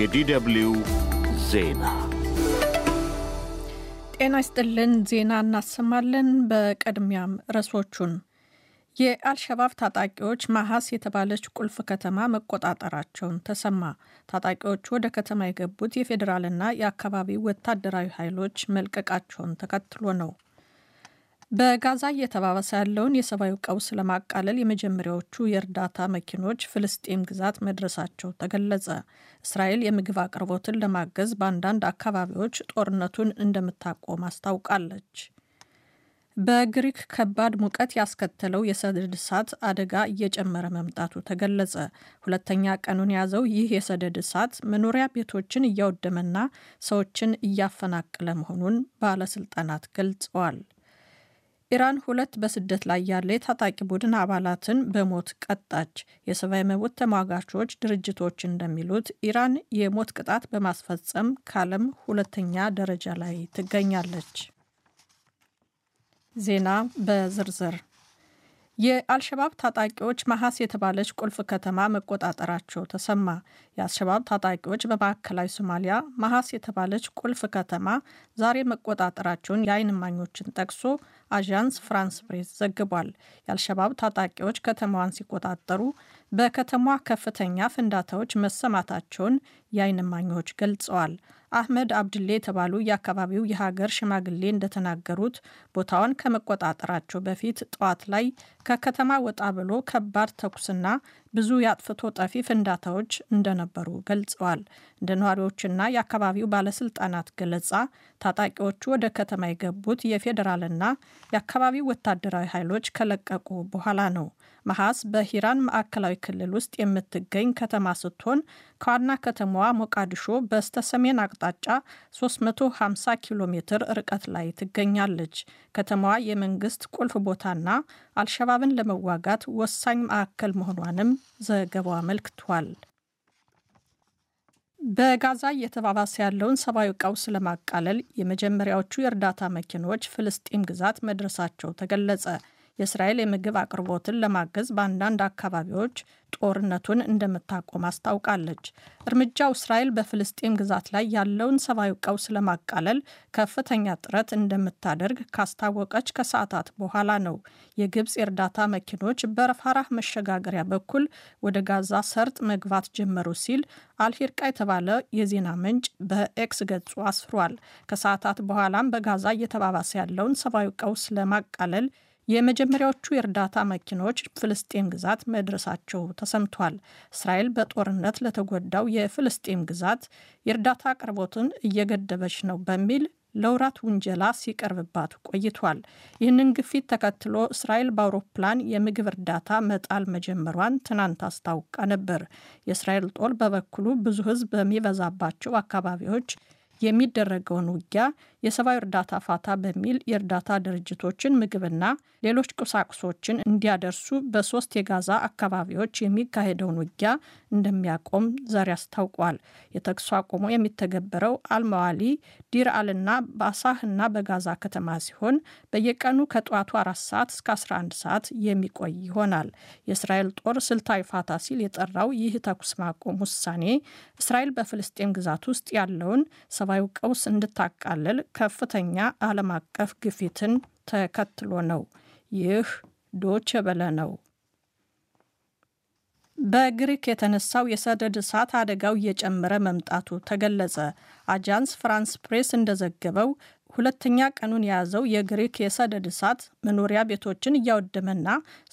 የዲደብሊው ዜና ጤና ይስጥልን። ዜና እናሰማለን። በቅድሚያም ርዕሶቹን የአልሸባብ ታጣቂዎች ማሐስ የተባለች ቁልፍ ከተማ መቆጣጠራቸውን ተሰማ። ታጣቂዎቹ ወደ ከተማ የገቡት የፌዴራልና የአካባቢ ወታደራዊ ኃይሎች መልቀቃቸውን ተከትሎ ነው። በጋዛ እየተባባሰ ያለውን የሰብአዊ ቀውስ ለማቃለል የመጀመሪያዎቹ የእርዳታ መኪኖች ፍልስጤም ግዛት መድረሳቸው ተገለጸ። እስራኤል የምግብ አቅርቦትን ለማገዝ በአንዳንድ አካባቢዎች ጦርነቱን እንደምታቆም አስታውቃለች። በግሪክ ከባድ ሙቀት ያስከተለው የሰደድ እሳት አደጋ እየጨመረ መምጣቱ ተገለጸ። ሁለተኛ ቀኑን የያዘው ይህ የሰደድ እሳት መኖሪያ ቤቶችን እያወደመና ሰዎችን እያፈናቀለ መሆኑን ባለስልጣናት ገልጸዋል። ኢራን ሁለት በስደት ላይ ያለ የታጣቂ ቡድን አባላትን በሞት ቀጣች። የሰብአዊ መብት ተሟጋቾች ድርጅቶች እንደሚሉት ኢራን የሞት ቅጣት በማስፈጸም ከዓለም ሁለተኛ ደረጃ ላይ ትገኛለች። ዜና በዝርዝር የአልሸባብ ታጣቂዎች መሐስ የተባለች ቁልፍ ከተማ መቆጣጠራቸው ተሰማ። የአልሸባብ ታጣቂዎች በማዕከላዊ ሶማሊያ መሐስ የተባለች ቁልፍ ከተማ ዛሬ መቆጣጠራቸውን የአይንማኞችን እማኞችን ጠቅሶ አዣንስ ፍራንስ ፕሬስ ዘግቧል። የአልሸባብ ታጣቂዎች ከተማዋን ሲቆጣጠሩ በከተማዋ ከፍተኛ ፍንዳታዎች መሰማታቸውን የአይን እማኞች ገልጸዋል። አህመድ አብድሌ የተባሉ የአካባቢው የሀገር ሽማግሌ እንደተናገሩት ቦታውን ከመቆጣጠራቸው በፊት ጠዋት ላይ ከከተማ ወጣ ብሎ ከባድ ተኩስና ብዙ የአጥፍቶ ጠፊ ፍንዳታዎች እንደነበሩ ገልጸዋል። እንደ ነዋሪዎችና የአካባቢው ባለስልጣናት ገለጻ ታጣቂዎቹ ወደ ከተማ የገቡት የፌዴራልና የአካባቢው ወታደራዊ ኃይሎች ከለቀቁ በኋላ ነው። መሐስ በሂራን ማዕከላዊ ክልል ውስጥ የምትገኝ ከተማ ስትሆን ከዋና ከተማዋ ሞቃዲሾ በስተ ሰሜን አቅጣጫ 350 ኪሎ ሜትር ርቀት ላይ ትገኛለች። ከተማዋ የመንግስት ቁልፍ ቦታና አልሸባብን ለመዋጋት ወሳኝ ማዕከል መሆኗንም ዘገባው አመልክቷል። በጋዛ እየተባባሰ ያለውን ሰብአዊ ቀውስ ለማቃለል የመጀመሪያዎቹ የእርዳታ መኪኖች ፍልስጤም ግዛት መድረሳቸው ተገለጸ። የእስራኤል የምግብ አቅርቦትን ለማገዝ በአንዳንድ አካባቢዎች ጦርነቱን እንደምታቆም አስታውቃለች። እርምጃው እስራኤል በፍልስጤም ግዛት ላይ ያለውን ሰብአዊ ቀውስ ለማቃለል ከፍተኛ ጥረት እንደምታደርግ ካስታወቀች ከሰዓታት በኋላ ነው። የግብፅ የእርዳታ መኪኖች በረፋራህ መሸጋገሪያ በኩል ወደ ጋዛ ሰርጥ መግባት ጀመሩ ሲል አልሂርቃ የተባለ የዜና ምንጭ በኤክስ ገጹ አስፍሯል። ከሰዓታት በኋላም በጋዛ እየተባባሰ ያለውን ሰብአዊ ቀውስ ለማቃለል የመጀመሪያዎቹ የእርዳታ መኪኖች ፍልስጤም ግዛት መድረሳቸው ተሰምቷል። እስራኤል በጦርነት ለተጎዳው የፍልስጤም ግዛት የእርዳታ አቅርቦትን እየገደበች ነው በሚል ለውራት ውንጀላ ሲቀርብባት ቆይቷል። ይህንን ግፊት ተከትሎ እስራኤል በአውሮፕላን የምግብ እርዳታ መጣል መጀመሯን ትናንት አስታውቃ ነበር። የእስራኤል ጦር በበኩሉ ብዙ ሕዝብ በሚበዛባቸው አካባቢዎች የሚደረገውን ውጊያ የሰብአዊ እርዳታ ፋታ በሚል የእርዳታ ድርጅቶችን ምግብና ሌሎች ቁሳቁሶችን እንዲያደርሱ በሶስት የጋዛ አካባቢዎች የሚካሄደውን ውጊያ እንደሚያቆም ዛሬ አስታውቋል። የተኩስ አቁሙ የሚተገበረው አልመዋሊ ዲር አልና በአሳህና በጋዛ ከተማ ሲሆን በየቀኑ ከጠዋቱ አራት ሰዓት እስከ 11 ሰዓት የሚቆይ ይሆናል። የእስራኤል ጦር ስልታዊ ፋታ ሲል የጠራው ይህ ተኩስ ማቆም ውሳኔ እስራኤል በፍልስጤም ግዛት ውስጥ ያለውን ሰብአዊ ቀውስ እንድታቃልል ከፍተኛ ዓለም አቀፍ ግፊትን ተከትሎ ነው። ይህ ዶች በለ ነው። በግሪክ የተነሳው የሰደድ እሳት አደጋው እየጨመረ መምጣቱ ተገለጸ። አጃንስ ፍራንስ ፕሬስ እንደዘገበው ሁለተኛ ቀኑን የያዘው የግሪክ የሰደድ እሳት መኖሪያ ቤቶችን እያወደመና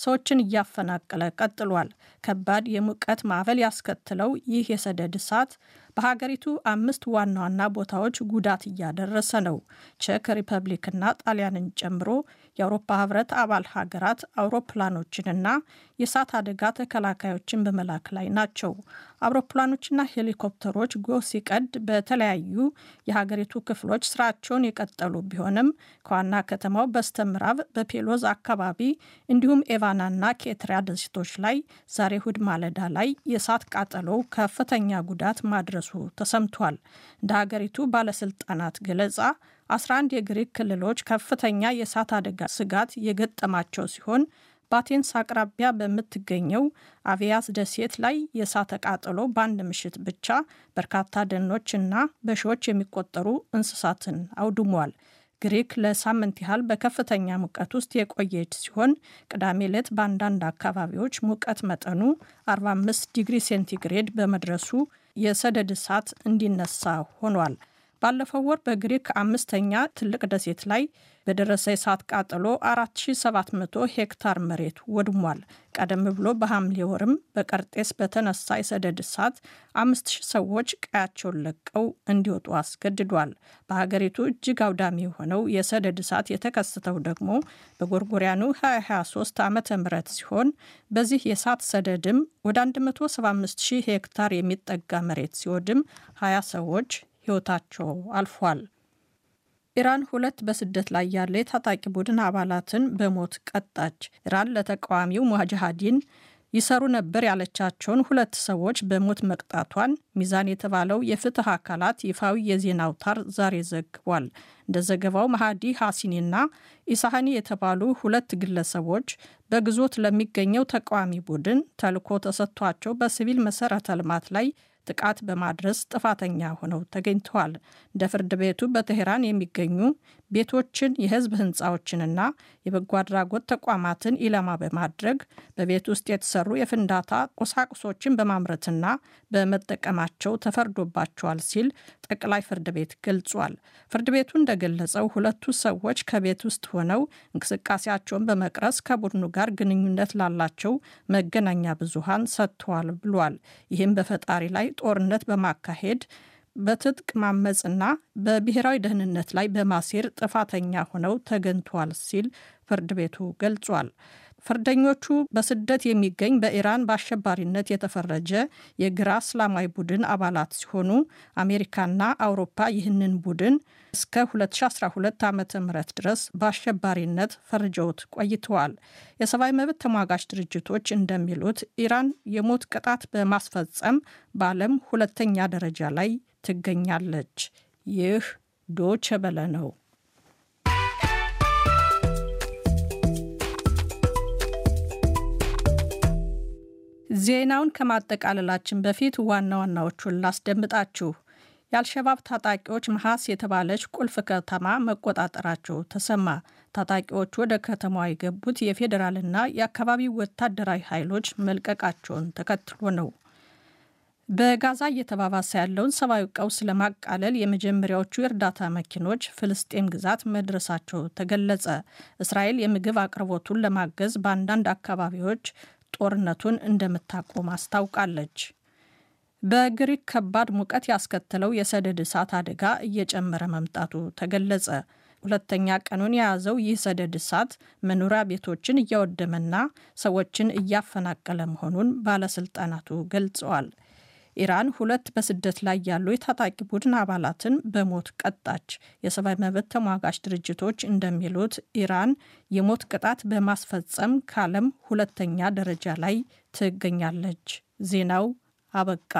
ሰዎችን እያፈናቀለ ቀጥሏል። ከባድ የሙቀት ማዕበል ያስከትለው ይህ የሰደድ እሳት በሀገሪቱ አምስት ዋና ዋና ቦታዎች ጉዳት እያደረሰ ነው። ቼክ ሪፐብሊክና ጣሊያንን ጨምሮ የአውሮፓ ህብረት አባል ሀገራት አውሮፕላኖችንና የእሳት አደጋ ተከላካዮችን በመላክ ላይ ናቸው። አውሮፕላኖችና ሄሊኮፕተሮች ጎ ሲቀድ በተለያዩ የሀገሪቱ ክፍሎች ስራቸውን የቀጠሉ ቢሆንም ከዋና ከተማው በስተ ምዕራብ በፔሎዝ አካባቢ እንዲሁም ኤቫናና ኬትሪያ ደሴቶች ላይ ዛሬ እሁድ ማለዳ ላይ የእሳት ቃጠሎ ከፍተኛ ጉዳት ማድረሱ ተሰምቷል። እንደ ሀገሪቱ ባለስልጣናት ገለጻ 11 የግሪክ ክልሎች ከፍተኛ የእሳት አደጋ ስጋት የገጠማቸው ሲሆን በአቴንስ አቅራቢያ በምትገኘው አቪያስ ደሴት ላይ የእሳተ ቃጠሎ በአንድ ምሽት ብቻ በርካታ ደኖች እና በሺዎች የሚቆጠሩ እንስሳትን አውድሟል። ግሪክ ለሳምንት ያህል በከፍተኛ ሙቀት ውስጥ የቆየች ሲሆን ቅዳሜ ዕለት በአንዳንድ አካባቢዎች ሙቀት መጠኑ 45 ዲግሪ ሴንቲግሬድ በመድረሱ የሰደድ እሳት እንዲነሳ ሆኗል። ባለፈው ወር በግሪክ አምስተኛ ትልቅ ደሴት ላይ በደረሰ የእሳት ቃጠሎ 4700 ሄክታር መሬት ወድሟል። ቀደም ብሎ በሐምሌ ወርም በቀርጤስ በተነሳ የሰደድ እሳት 5000 ሰዎች ቀያቸውን ለቀው እንዲወጡ አስገድዷል። በሀገሪቱ እጅግ አውዳሚ የሆነው የሰደድ እሳት የተከሰተው ደግሞ በጎርጎሪያኑ 2023 ዓ ም ሲሆን በዚህ የእሳት ሰደድም ወደ 175000 ሄክታር የሚጠጋ መሬት ሲወድም 20 ሰዎች ሕይወታቸው አልፏል። ኢራን ሁለት በስደት ላይ ያለ የታጣቂ ቡድን አባላትን በሞት ቀጣች። ኢራን ለተቃዋሚው ሙጃሂዲን ይሰሩ ነበር ያለቻቸውን ሁለት ሰዎች በሞት መቅጣቷን ሚዛን የተባለው የፍትህ አካላት ይፋዊ የዜና አውታር ዛሬ ዘግቧል። እንደ ዘገባው መሃዲ ሐሲኒና ኢሳሃኒ የተባሉ ሁለት ግለሰቦች በግዞት ለሚገኘው ተቃዋሚ ቡድን ተልዕኮ ተሰጥቷቸው በሲቪል መሰረተ ልማት ላይ ጥቃት በማድረስ ጥፋተኛ ሆነው ተገኝተዋል። እንደ ፍርድ ቤቱ በቴሄራን የሚገኙ ቤቶችን፣ የህዝብ ህንፃዎችንና የበጎ አድራጎት ተቋማትን ኢላማ በማድረግ በቤት ውስጥ የተሰሩ የፍንዳታ ቁሳቁሶችን በማምረትና በመጠቀማቸው ተፈርዶባቸዋል ሲል ጠቅላይ ፍርድ ቤት ገልጿል። ፍርድ ቤቱ እንደገለጸው ሁለቱ ሰዎች ከቤት ውስጥ ሆነው እንቅስቃሴያቸውን በመቅረስ ከቡድኑ ጋር ግንኙነት ላላቸው መገናኛ ብዙሃን ሰጥተዋል ብሏል። ይህም በፈጣሪ ላይ ጦርነት በማካሄድ በትጥቅ ማመፅና በብሔራዊ ደህንነት ላይ በማሴር ጥፋተኛ ሆነው ተገኝቷል ሲል ፍርድ ቤቱ ገልጿል። ፍርደኞቹ በስደት የሚገኝ በኢራን በአሸባሪነት የተፈረጀ የግራ እስላማዊ ቡድን አባላት ሲሆኑ አሜሪካና አውሮፓ ይህንን ቡድን እስከ 2012 ዓ ም ድረስ በአሸባሪነት ፈርጀውት ቆይተዋል። የሰብአዊ መብት ተሟጋች ድርጅቶች እንደሚሉት ኢራን የሞት ቅጣት በማስፈጸም በዓለም ሁለተኛ ደረጃ ላይ ትገኛለች። ይህ ዶቸ ነው። ዜናውን ከማጠቃለላችን በፊት ዋና ዋናዎቹን ላስደምጣችሁ። የአልሸባብ ታጣቂዎች መሐስ የተባለች ቁልፍ ከተማ መቆጣጠራቸው ተሰማ። ታጣቂዎቹ ወደ ከተማዋ የገቡት የፌዴራልና የአካባቢው ወታደራዊ ኃይሎች መልቀቃቸውን ተከትሎ ነው። በጋዛ እየተባባሰ ያለውን ሰብአዊ ቀውስ ለማቃለል የመጀመሪያዎቹ የእርዳታ መኪኖች ፍልስጤም ግዛት መድረሳቸው ተገለጸ። እስራኤል የምግብ አቅርቦቱን ለማገዝ በአንዳንድ አካባቢዎች ጦርነቱን እንደምታቆም አስታውቃለች። በግሪክ ከባድ ሙቀት ያስከተለው የሰደድ እሳት አደጋ እየጨመረ መምጣቱ ተገለጸ። ሁለተኛ ቀኑን የያዘው ይህ ሰደድ እሳት መኖሪያ ቤቶችን እያወደመና ሰዎችን እያፈናቀለ መሆኑን ባለስልጣናቱ ገልጸዋል። ኢራን ሁለት በስደት ላይ ያሉ የታጣቂ ቡድን አባላትን በሞት ቀጣች። የሰብአዊ መብት ተሟጋች ድርጅቶች እንደሚሉት ኢራን የሞት ቅጣት በማስፈጸም ከዓለም ሁለተኛ ደረጃ ላይ ትገኛለች። ዜናው አበቃ።